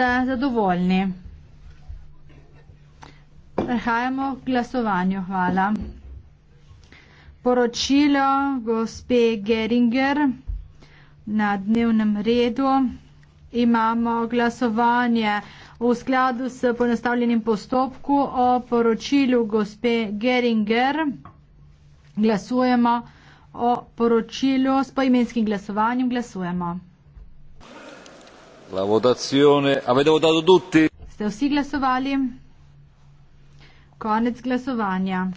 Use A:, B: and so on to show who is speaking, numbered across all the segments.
A: ste zadovoljni. Prehajamo k glasovanju. Hvala. Poročilo gospe Geringer na dnevnem redu. Imamo glasovanje v skladu s ponastavljenim postopku o poročilu gospe Geringer. Glasujemo o poročilu s poimenskim glasovanjem. Glasujemo.
B: La votazione. Avete votato tutti?
A: Ste vsi glasovali? Konec glasovanja.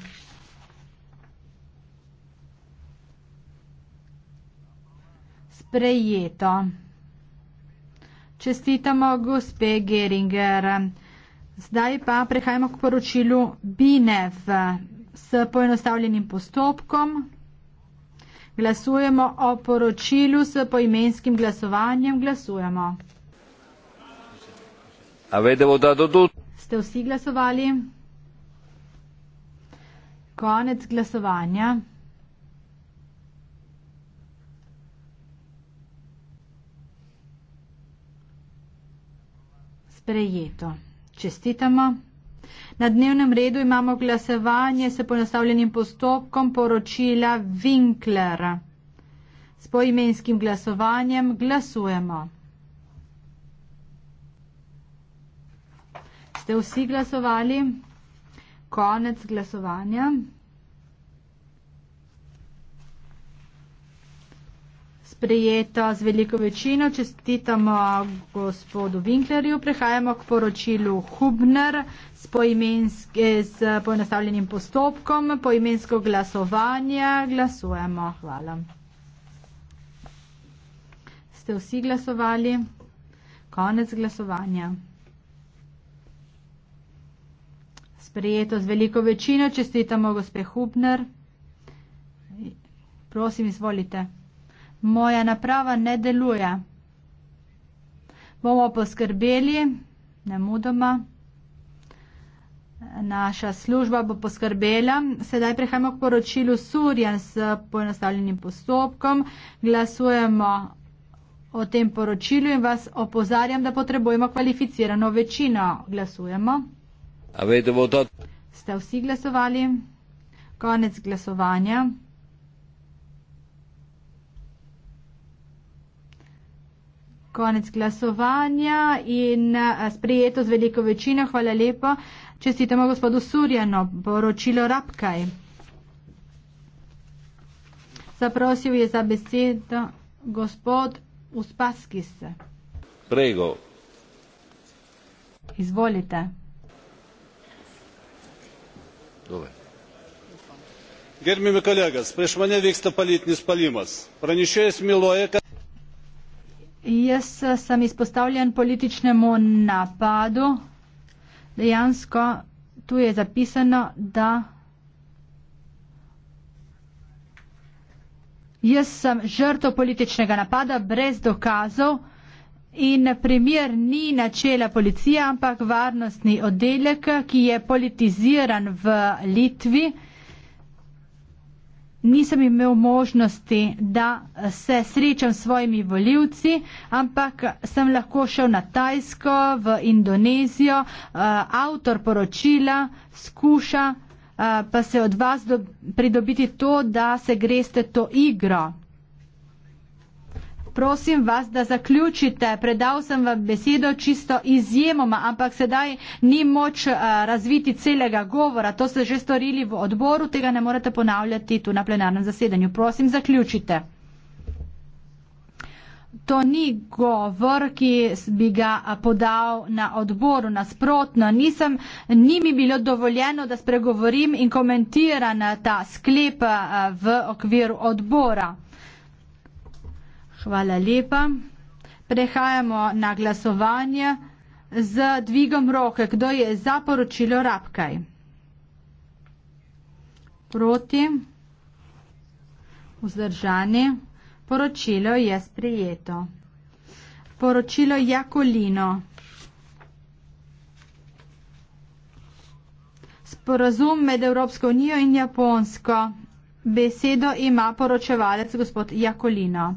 A: Sprejeto. Čestitamo gospe Geringer. Zdaj pa prehajamo k poročilu BINEF s poenostavljenim postopkom. Glasujemo o poročilu s poimenskim glasovanjem. Glasujemo.
B: Avete votato tutti?
A: Ste vsi glasovali? Konec glasovanja. Sprejeto. Čestitamo. Na dnevnem redu imamo glasovanje s ponastavljenim postopkom poročila Winkler. S poimenskim glasovanjem glasujemo. ste vsi glasovali? Konec glasovanja. Sprejeto z veliko večino, čestitamo gospodu Winklerju. Prehajamo k poročilu Hubner s, poimensk, eh, s poenostavljenim postopkom. Poimensko glasovanje glasujemo. Hvala. Ste vsi glasovali? Konec glasovanja. sprejeto z veliko večino. Čestitamo, gospe Hubner. Prosim, izvolite. Moja naprava ne deluje. Bomo poskrbeli, ne mudoma. Naša služba bo poskrbela. Sedaj prehajamo k poročilu Surjan s poenostavljenim postopkom. Glasujemo o tem poročilu in vas opozarjam, da potrebujemo kvalificirano večino. Glasujemo. Ste vsi glasovali? Konec glasovanja. Konec glasovanja in eh, sprejeto z veliko večino. Hvala lepo. Čestitamo gospodu Surjano, poročilo Rapkaj. Zaprosil je za besedo gospod Uspaskis. Prego. Izvolite
B: gerbiami kolegos prieš mane vyksta politinis puolimas pranešėjas meluoja kad
A: Jaz e, sem izpostavljen političnemu napadu. Dejansko tu je zapisano, da jaz sem žrtev političnega napada brez dokazov. In primer ni načela policija, ampak varnostni oddelek, ki je politiziran v Litvi. Nisem imel možnosti, da se srečam s svojimi voljivci, ampak sem lahko šel na Tajsko, v Indonezijo. Eh, avtor poročila skuša eh, pa se od vas pridobiti to, da se greste to igro prosim vas, da zaključite. Predal sem vam besedo čisto izjemoma, ampak sedaj ni moč uh, razviti celega govora. To ste že storili v odboru, tega ne morete ponavljati tu na plenarnem zasedanju. Prosim, zaključite. To ni govor, ki bi ga eh, podal na odboru. Nasprotno, nisem, ni mi bilo dovoljeno, da spregovorim in komentiram eh, ta sklep v okviru odbora. Hvala lepa. Prehajamo na glasovanje z dvigom roke. Kdo je za poročilo Rabkaj? Proti? Vzdržani? Poročilo je sprejeto. Poročilo Jakolino. Sporazum med Evropsko unijo in Japonsko. Besedo ima poročevalec gospod Jakolino.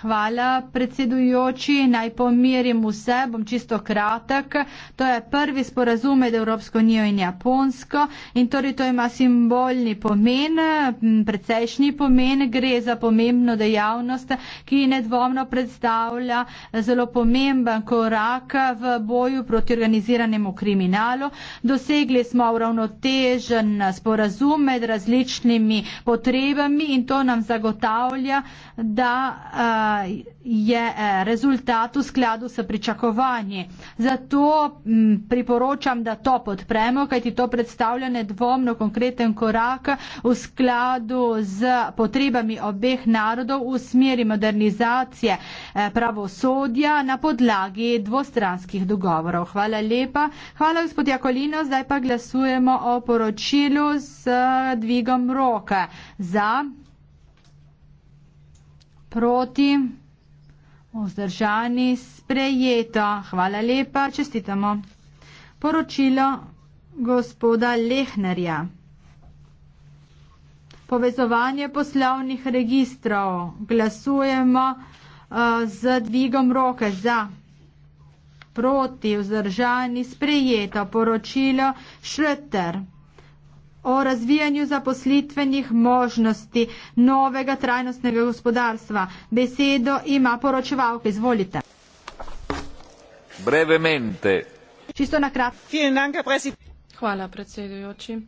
A: Hvala, predsedujoči. Naj pomirim vse, bom čisto kratek. To je prvi sporazum med Evropsko unijo in Japonsko in torej to ima simbolni pomen, precejšnji pomen, gre za pomembno dejavnost, ki nedvomno predstavlja zelo pomemben korak v boju proti organiziranemu kriminalu. Dosegli smo uravnotežen sporazum med različnimi potrebami in to nam zagotavlja, da uh, je eh, rezultat v skladu s pričakovanji. Zato m, mm, priporočam, da to podpremo, kajti to predstavlja nedvomno konkreten korak v skladu z potrebami obeh narodov v smeri modernizacije eh, pravosodja na podlagi dvostranskih dogovorov. Hvala lepa. Hvala, gospod Jakolino. Zdaj pa glasujemo o poročilu s dvigom roke. Za proti, vzdržani, sprejeto. Hvala lepa, čestitamo. Poročilo gospoda Lehnerja. Povezovanje poslovnih registrov. Glasujemo uh, z dvigom roke za proti vzdržani sprejeto poročilo Šrter o razvijanju zaposlitvenih možnosti novega trajnostnega gospodarstva. Besedo ima poročevalka, izvolite.
B: Brevemente.
A: Čisto na kratko. Hvala, predsedujoči.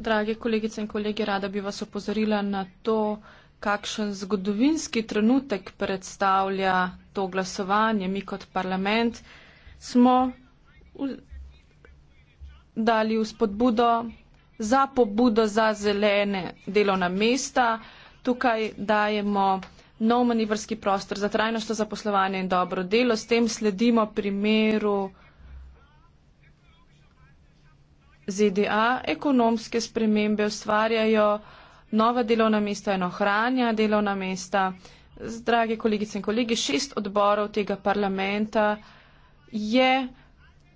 B: Dragi kolegice in kolegi, rada bi vas opozorila na to, kakšen zgodovinski trenutek predstavlja to glasovanje. Mi kot parlament smo dali v spodbudo za pobudo za zelene delovna mesta. Tukaj dajemo nov manivrski prostor za trajnostno zaposlovanje in dobro delo. S tem sledimo primeru ZDA. Ekonomske spremembe ustvarjajo nova delovna mesta in ohranja delovna mesta. Drage kolegice in kolegi, šest odborov tega parlamenta je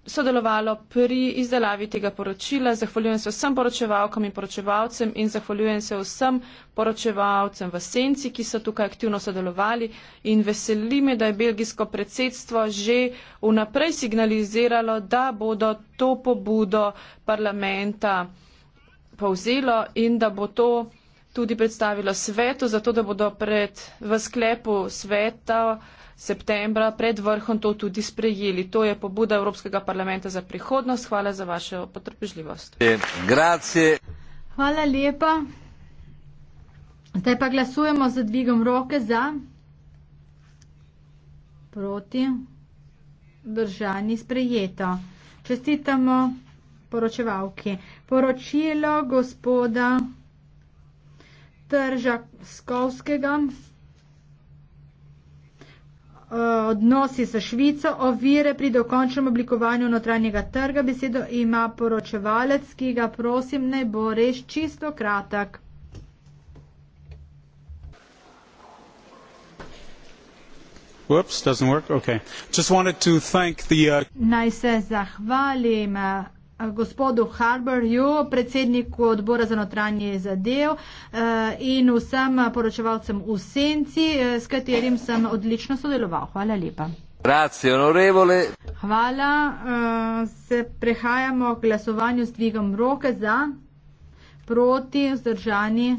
B: sodelovalo pri izdelavi tega poročila. Zahvaljujem se vsem poročevalkam in poročevalcem in zahvaljujem se vsem poročevalcem v Senci, ki so tukaj aktivno sodelovali. In veseli me, da je belgijsko predsedstvo že vnaprej signaliziralo, da bodo to pobudo parlamenta povzelo in da bo to tudi predstavilo svetu, zato da bodo pred, v sklepu sveta septembra pred vrhom to tudi sprejeli. To je pobuda Evropskega parlamenta za prihodnost. Hvala za vašo potrpežljivost. E,
A: Hvala lepa. Zdaj pa glasujemo za dvigom roke za, proti, držani sprejeto. Čestitamo poročevalki. Poročilo gospoda Tržakovskega. Eh, odnosi s Švico, ovire pri dokončnem oblikovanju notranjega trga. Besedo ima poročevalec, ki ga prosim, naj bo res čisto kratek.
B: Oops, okay. the,
A: uh... Naj se zahvalim. Uh... Eh, gospodu Harborju, predsedniku odbora za notranje zadev eh, in vsem poročevalcem v senci, eh, s katerim sem odlično sodeloval. Hvala lepa.
B: Grazie, onorevole.
A: Hvala. Se prehajamo k glasovanju s dvigom roke za, proti, vzdržani.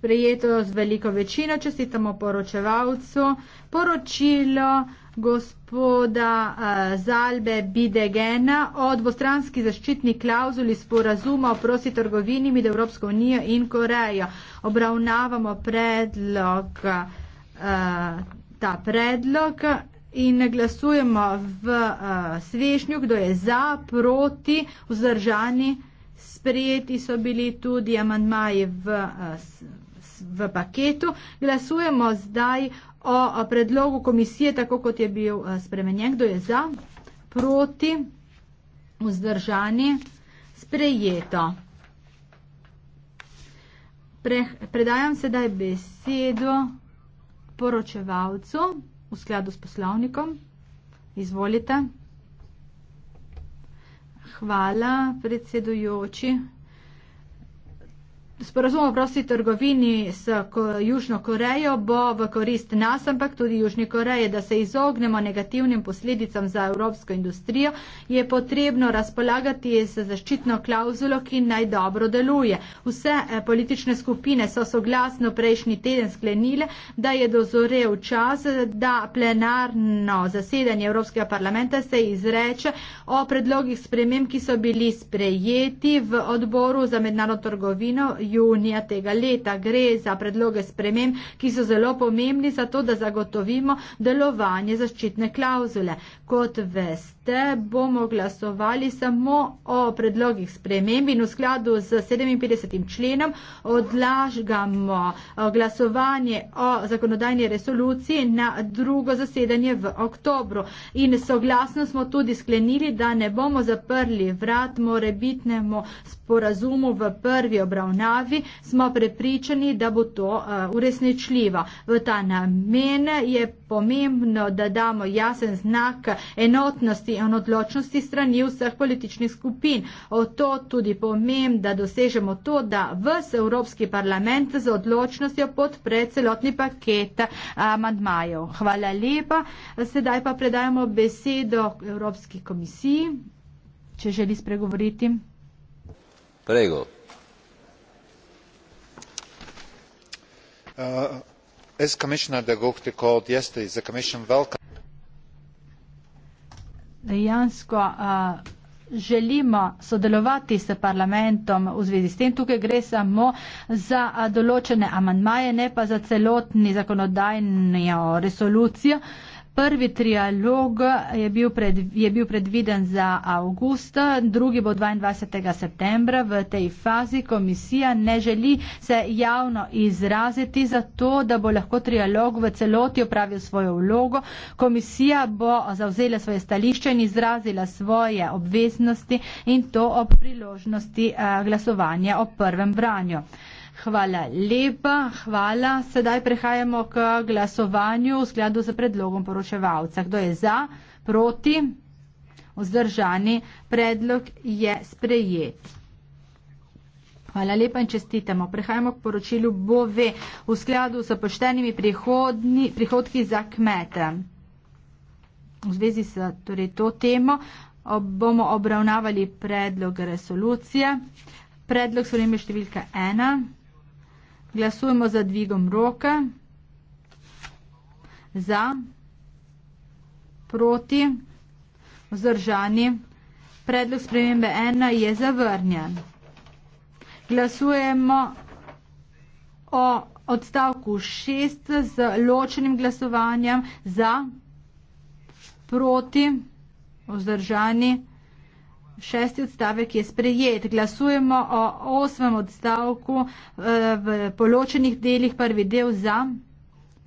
A: Prejeto z veliko večino, čestitamo poročevalcu. Poročilo gospoda uh, Zalbe Bidegena o dvostranski zaščitni klauzuli sporazuma o prosti trgovini med Evropsko unijo in Korejo. Obravnavamo predlog, uh, ta predlog in glasujemo v uh, svešnju, kdo je za, proti, vzdržani. Sprejeti so bili tudi amandmaji v uh, v paketu. Glasujemo zdaj o predlogu komisije, tako kot je bil eh, spremenjen. Kdo je za, proti, vzdržani, sprejeto. Pre, predajam sedaj besedo poročevalcu v skladu s poslovnikom. Izvolite. Hvala, predsedujoči. Sporazum o prosti trgovini s Južno Korejo bo v korist nas, ampak tudi Južni Koreje, da se izognemo negativnim posledicam za evropsko industrijo, je potrebno razpolagati z zaščitno klauzulo, ki naj dobro deluje. Vse eh, politične skupine so soglasno prejšnji teden sklenile, da je dozorev čas, da plenarno zasedanje Evropskega parlamenta se izreče o predlogih sprememb, ki so bili sprejeti v odboru za mednarodno trgovino junija tega leta. Gre za predloge sprememb, ki so zelo pomembni za to, da zagotovimo delovanje zaščitne klauzule. Kot veste, bomo glasovali samo o predlogih sprememb in v skladu z 57. členom odlažgamo eh, glasovanje o zakonodajni resoluciji na drugo zasedanje v oktobru. In soglasno smo tudi sklenili, da ne bomo zaprli vrat morebitnemu sporazumu v prvi obravnavi državi, smo prepričani, da bo to eh, uresničljivo. V ta namen je pomembno, da damo jasen znak enotnosti in odločnosti strani vseh političnih skupin. O to tudi pomem, da dosežemo to, da vse Evropski parlament z odločnostjo podpre celotni paket eh, amandmajev. Hvala lepa. Sedaj pa predajamo besedo Evropski komisiji, če želi spregovoriti.
B: Prego. Uh, as commissioner de gucht recalled yesterday the commission
A: dejansko uh, želimo sodelovati s parlamentom v zvezi s tem. Tukaj gre samo za uh, določene amandmaje, ne pa za celotni zakonodajno resolucijo. Uh, Prvi trialog je bil, pred, je bil predviden za avgust, drugi bo 22. septembra. V tej fazi komisija ne želi se javno izraziti za to, da bo lahko trialog v celoti opravil svojo vlogo. Komisija bo zauzela svoje stališče in izrazila svoje obveznosti in to ob priložnosti eh, glasovanja o prvem branju. Hvala lepa, hvala. Sedaj prehajamo k glasovanju v skladu z predlogom poročevalca. Kdo je za, proti, vzdržani, predlog je sprejet. Hvala lepa in čestitamo. Prehajamo k poročilu BOV v skladu s poštenimi prihodni, prihodki za kmete. V zvezi s torej, to temo ob, bomo obravnavali predlog resolucije. Predlog so številka 1. Glasujemo za dvigom roke. Za, proti, vzdržani. Predlog spremembe ena je zavrnjen. Glasujemo o odstavku šest z ločenim glasovanjem za, proti, vzdržani šesti odstavek je sprejet. Glasujemo o osmem odstavku eh, v poločenih delih. Prvi del za,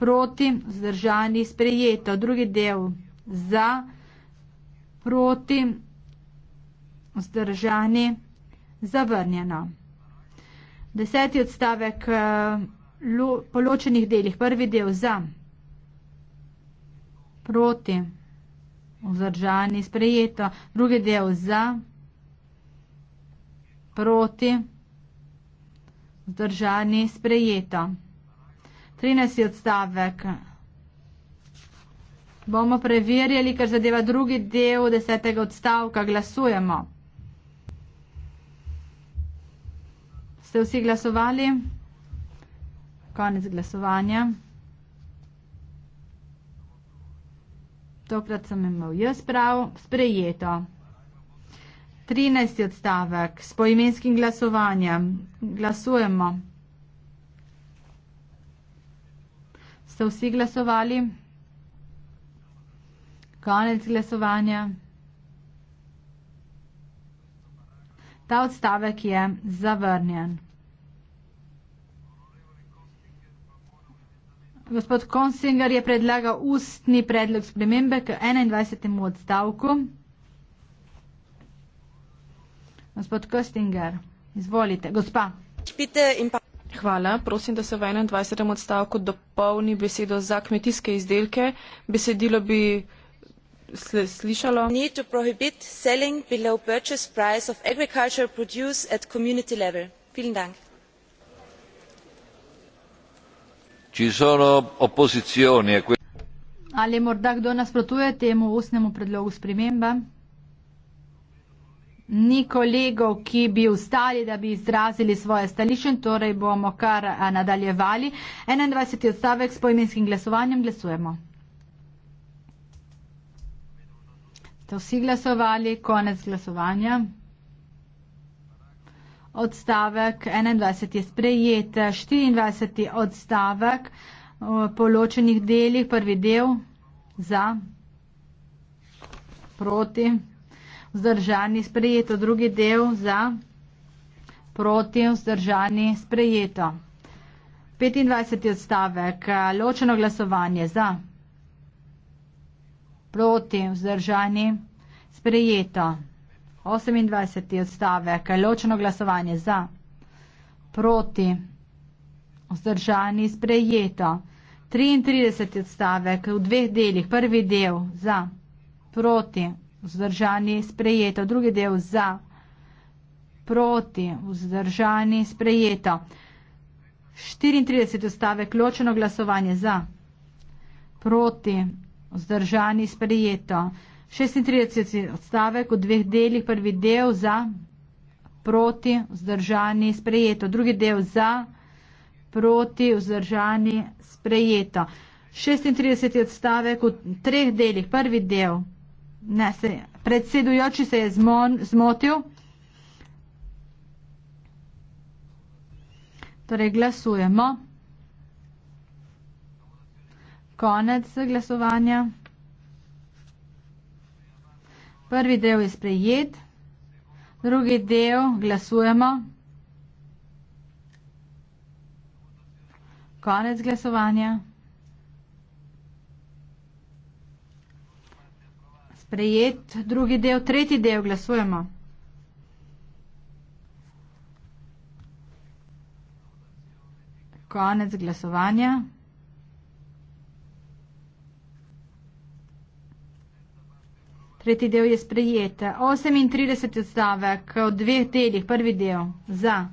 A: proti, zdržani, sprejeto. Drugi del za, proti, zdržani, zavrnjeno. Deseti odstavek eh, poločenih delih. Prvi del za, proti, zdržani, sprejeto vzdržani, sprejeto, drugi del za, proti, vzdržani, sprejeto. 13. odstavek. Bomo preverjali, kar zadeva drugi del desetega odstavka. Glasujemo. Ste vsi glasovali? Konec glasovanja. tokrat sem imel jaz prav, sprejeto. 13. odstavek s poimenskim glasovanjem. Glasujemo. Ste vsi glasovali? Konec glasovanja. Ta odstavek je zavrnjen. Gospod Konsinger je predlagal ustni predlog spremembe k 21. odstavku. Gospod Köstinger,
B: izvolite. Gospa. Hvala. Prosim, da se v 21. odstavku dopolni besedo za kmetijske izdelke. Besedilo bi slišalo. Hvala. Ci sono opposizioni a e questo.
A: Ali morda kdo nasprotuje temu ustnemu predlogu spremembe? Ni kolegov, ki bi ustali, da bi izrazili svoje stališče, torej bomo kar nadaljevali. 21. odstavek s poimenskim glasovanjem glasujemo. Ste vsi glasovali, konec glasovanja odstavek 21 je sprejet, 24 odstavek v eh, poločenih delih, prvi del za, proti, vzdržani sprejeto, drugi del za, proti, vzdržani sprejeto. 25 odstavek, ločeno glasovanje za, proti, vzdržani sprejeto. 28. odstavek, ločeno glasovanje za, proti, vzdržani, sprejeto. 33. odstavek v dveh delih, prvi del za, proti, vzdržani, sprejeto, drugi del za, proti, vzdržani, sprejeto. 34. odstavek, ločeno glasovanje za, proti, vzdržani, sprejeto. 36 odstavek v dveh delih, prvi del za, proti, vzdržani, sprejeto, drugi del za, proti, vzdržani, sprejeto. 36 odstavek v treh delih, prvi del, ne, se, predsedujoči se je zmon, zmotil. Torej glasujemo. Konec glasovanja. Prvi del je sprejet, drugi del glasujemo. Konec glasovanja. Prejet drugi del, tretji del glasujemo. Konec glasovanja. Tretji del je sprejet. 38 odstavek v dveh delih. Prvi del za.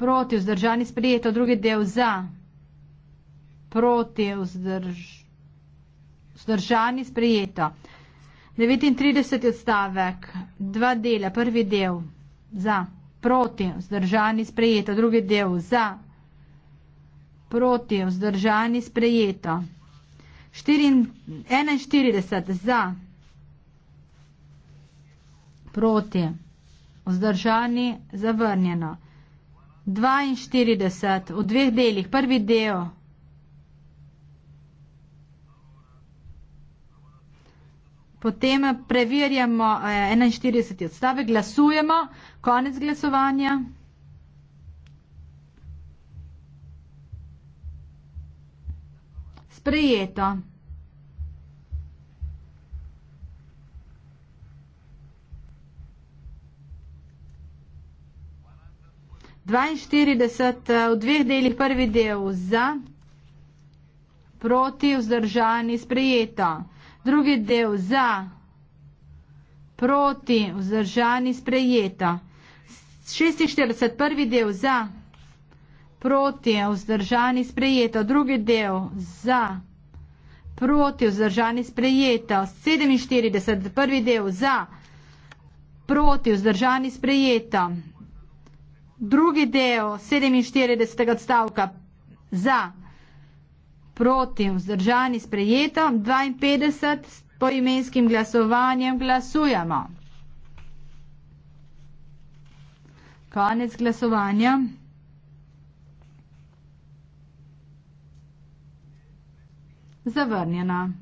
A: Proti vzdržani sprejet. Drugi del za. Proti vzdrž... vzdržani sprejet. 39 odstavek. Dva dela. Prvi del za. Proti vzdržani sprejet. Drugi del za. Proti vzdržani sprejeto. 41 za, proti, vzdržani, zavrnjeno. 42 v dveh delih, prvi del. Potem preverjamo 41 eh, odstave, glasujemo, konec glasovanja. sprejeto. Dvainštirideset eh, v dveh delih prvi del za, proti, vzdržani, sprejeto. Drugi del za, proti, vzdržani, sprejeto. Šestinštirideset prvi del za proti je vzdržani sprejeto, drugi del za, proti vzdržani sprejeto, 47, prvi del za, proti vzdržani sprejeto, drugi del 47. odstavka za, proti vzdržani sprejeto, 52 s poimenskim glasovanjem glasujemo. Konec glasovanja. zavrnjena.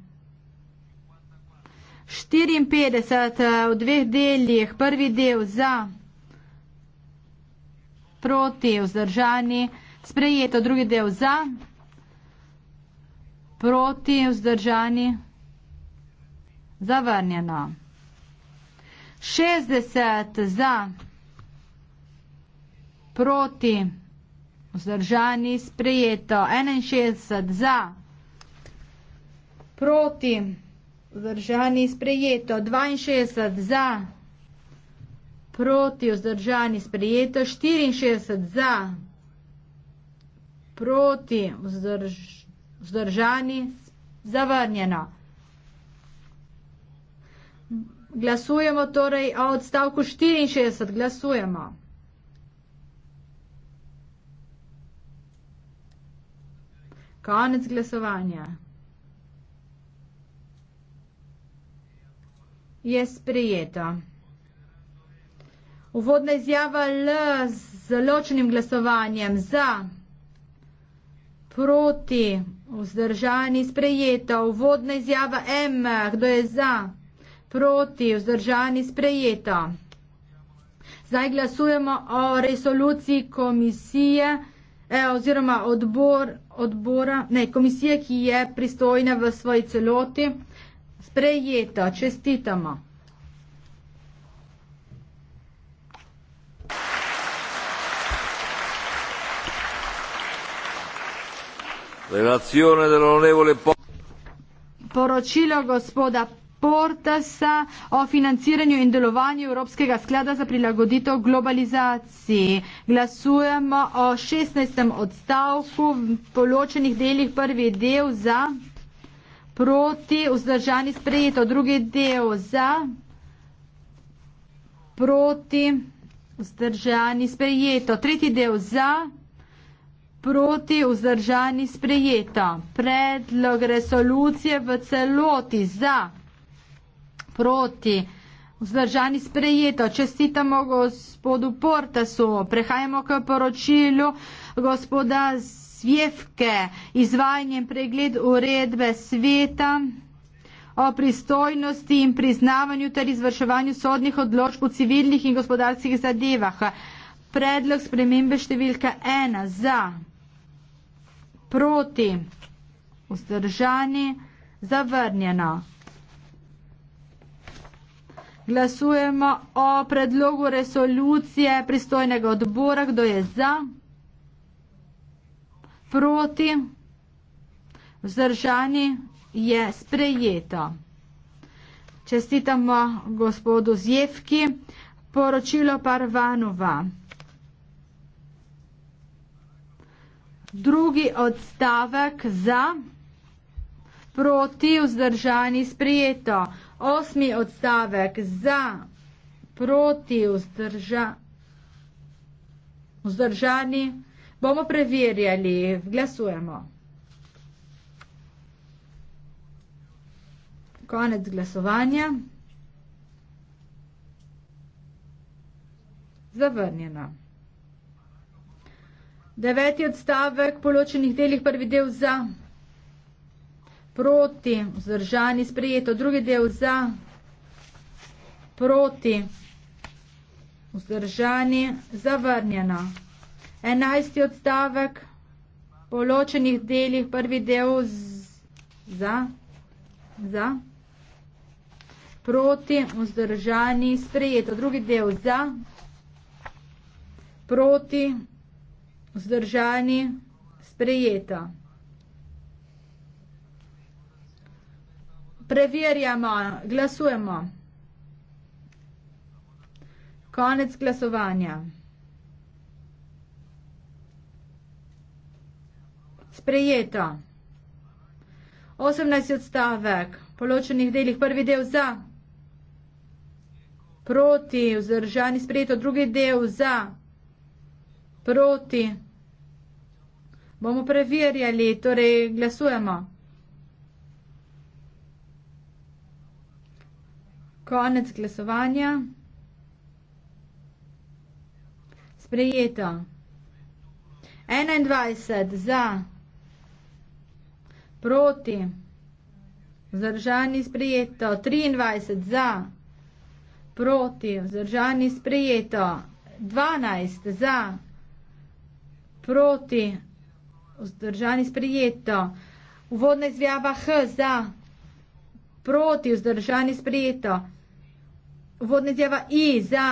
A: 54 eh, v dveh deljih, prvi del za, proti, vzdržani, sprejeto, drugi del za, proti, vzdržani, zavrnjeno. 60 za, proti, vzdržani, sprejeto, 61 za, proti, vzdržani, sprejeto proti, vzdržani sprejeto, 62 za, proti, vzdržani sprejeto, 64 za, proti, vzdrž, vzdržani zavrnjeno. Glasujemo torej o odstavku 64, glasujemo. Konec glasovanja. je sprejeto. Uvodna izjava L z ločenim glasovanjem za, proti, vzdržani, sprejeto. Uvodna izjava M, kdo je za, proti, vzdržani, sprejeto. Zdaj glasujemo o resoluciji komisije eh, oziroma odbor, odbora, ne, komisije, ki je pristojna v svoji celoti sprejeta, čestitamo. Poročilo gospoda Portasa o financiranju in delovanju Evropskega sklada za prilagoditev globalizaciji. Glasujemo o 16. odstavku v poločenih delih prvi del za proti, vzdržani sprejeto, drugi del za, proti, vzdržani sprejeto, tretji del za, proti, vzdržani sprejeto, predlog resolucije v celoti za, proti, Vzdržani sprejeto. Čestitamo gospodu Portasu. Prehajamo k poročilu gospoda SVEFKE, izvajanjem pregled uredbe sveta o pristojnosti in priznavanju ter izvrševanju sodnih odločb v civilnih in gospodarskih zadevah. Predlog spremembe številka ena za, proti, vzdržani, zavrnjeno. Glasujemo o predlogu resolucije pristojnega odbora, kdo je za proti, vzdržani je sprejeto. Čestitamo gospodu Zjevki, poročilo Parvanova. Drugi odstavek za proti vzdržani sprijeto. Osmi odstavek za proti vzdrža, vzdržani sprijeto. Bomo preverjali. Glasujemo. Konec glasovanja. Zavrnjeno. Deveti odstavek, poločenih delih, prvi del za, proti, vzdržani, sprejeto, drugi del za, proti, vzdržani, zavrnjeno enajsti odstavek, po ločenih delih, prvi del z, za, za, proti, vzdržani, sprejeto, drugi del za, proti, vzdržani, sprejeto. Preverjamo, glasujemo. Konec glasovanja. sprejeto. 18 odstavek, poločenih delih, prvi del za, proti, vzdržani sprejeto, drugi del za, proti. Bomo preverjali, torej glasujemo. Konec glasovanja. Sprejeto. 21 za proti, vzdržani sprejeto, 23 za, proti, vzdržani sprejeto, 12 za, proti, vzdržani sprejeto, uvodna izjava H za, proti, vzdržani sprejeto, uvodna izjava I za,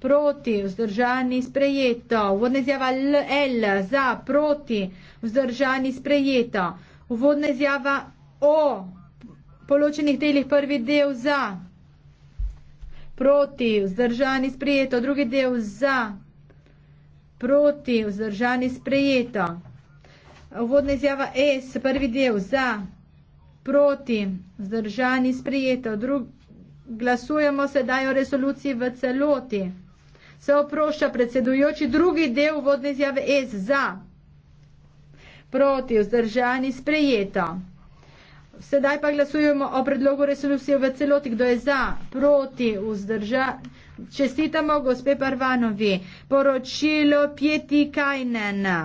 A: proti, vzdržani sprejeto, uvodna izjava L, L za, proti, vzdržani sprejeto uvodna izjava o poločenih delih, prvi del za, proti, vzdržani, sprejeto, drugi del za, proti, vzdržani, sprejeto. Uvodna izjava S, prvi del za, proti, vzdržani, sprejeto. Drug, glasujemo sedaj o resoluciji v celoti. Se oprošča predsedujoči drugi del vodne izjave S za, proti vzdržani sprejeto. Sedaj pa glasujemo o predlogu resolucije v celoti, kdo je za, proti vzdržani. Čestitamo gospe Parvanovi. Poročilo Pjeti Kajnena.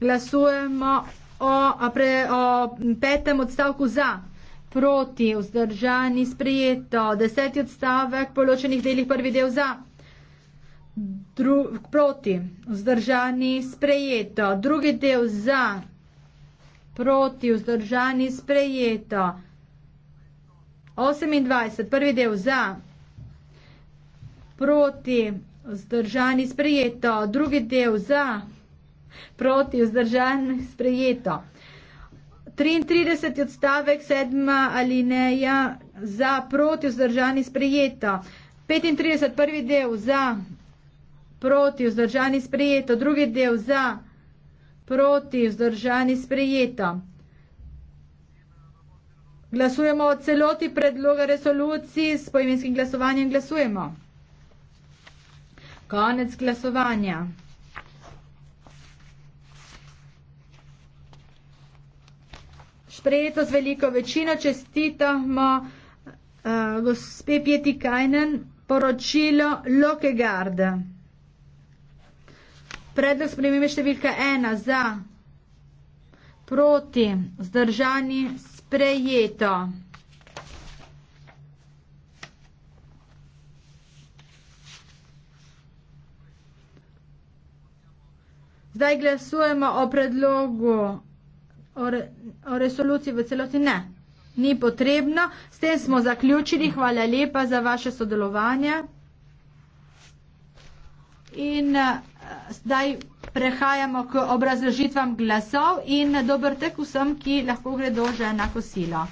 A: Glasujemo o, pre, o petem odstavku za, proti, vzdržani, sprijeto, deseti odstavek, poločenih delih prvi del za dru, proti, vzdržani, sprejeto, drugi del za, proti, vzdržani, sprejeto, 28, prvi del za, proti, vzdržani, sprejeto, drugi del za, proti, vzdržani, sprejeto. 33 odstavek, sedma alineja, za, proti, vzdržani, sprejeto. 35, prvi del, za, Proti vzdržani sprijeto, drugi del za. Proti vzdržani sprijeto. Glasujemo o celoti predloga resoluciji s poimenskim glasovanjem. Glasujemo. Konec glasovanja. Sprejeto z veliko večino čestitamo uh, gospe Pieti Kajnen poročilo Lokegarda. Predlog spremembe številka ena za, proti, zdržani, sprejeto. Zdaj glasujemo o predlogu, o, re, o resoluciji v celoti ne. Ni potrebno. S tem smo zaključili. Hvala lepa za vaše sodelovanje. In uh, zdaj prehajamo k obrazložitvam glasov in dober tek vsem, ki lahko gredo že na kosilo.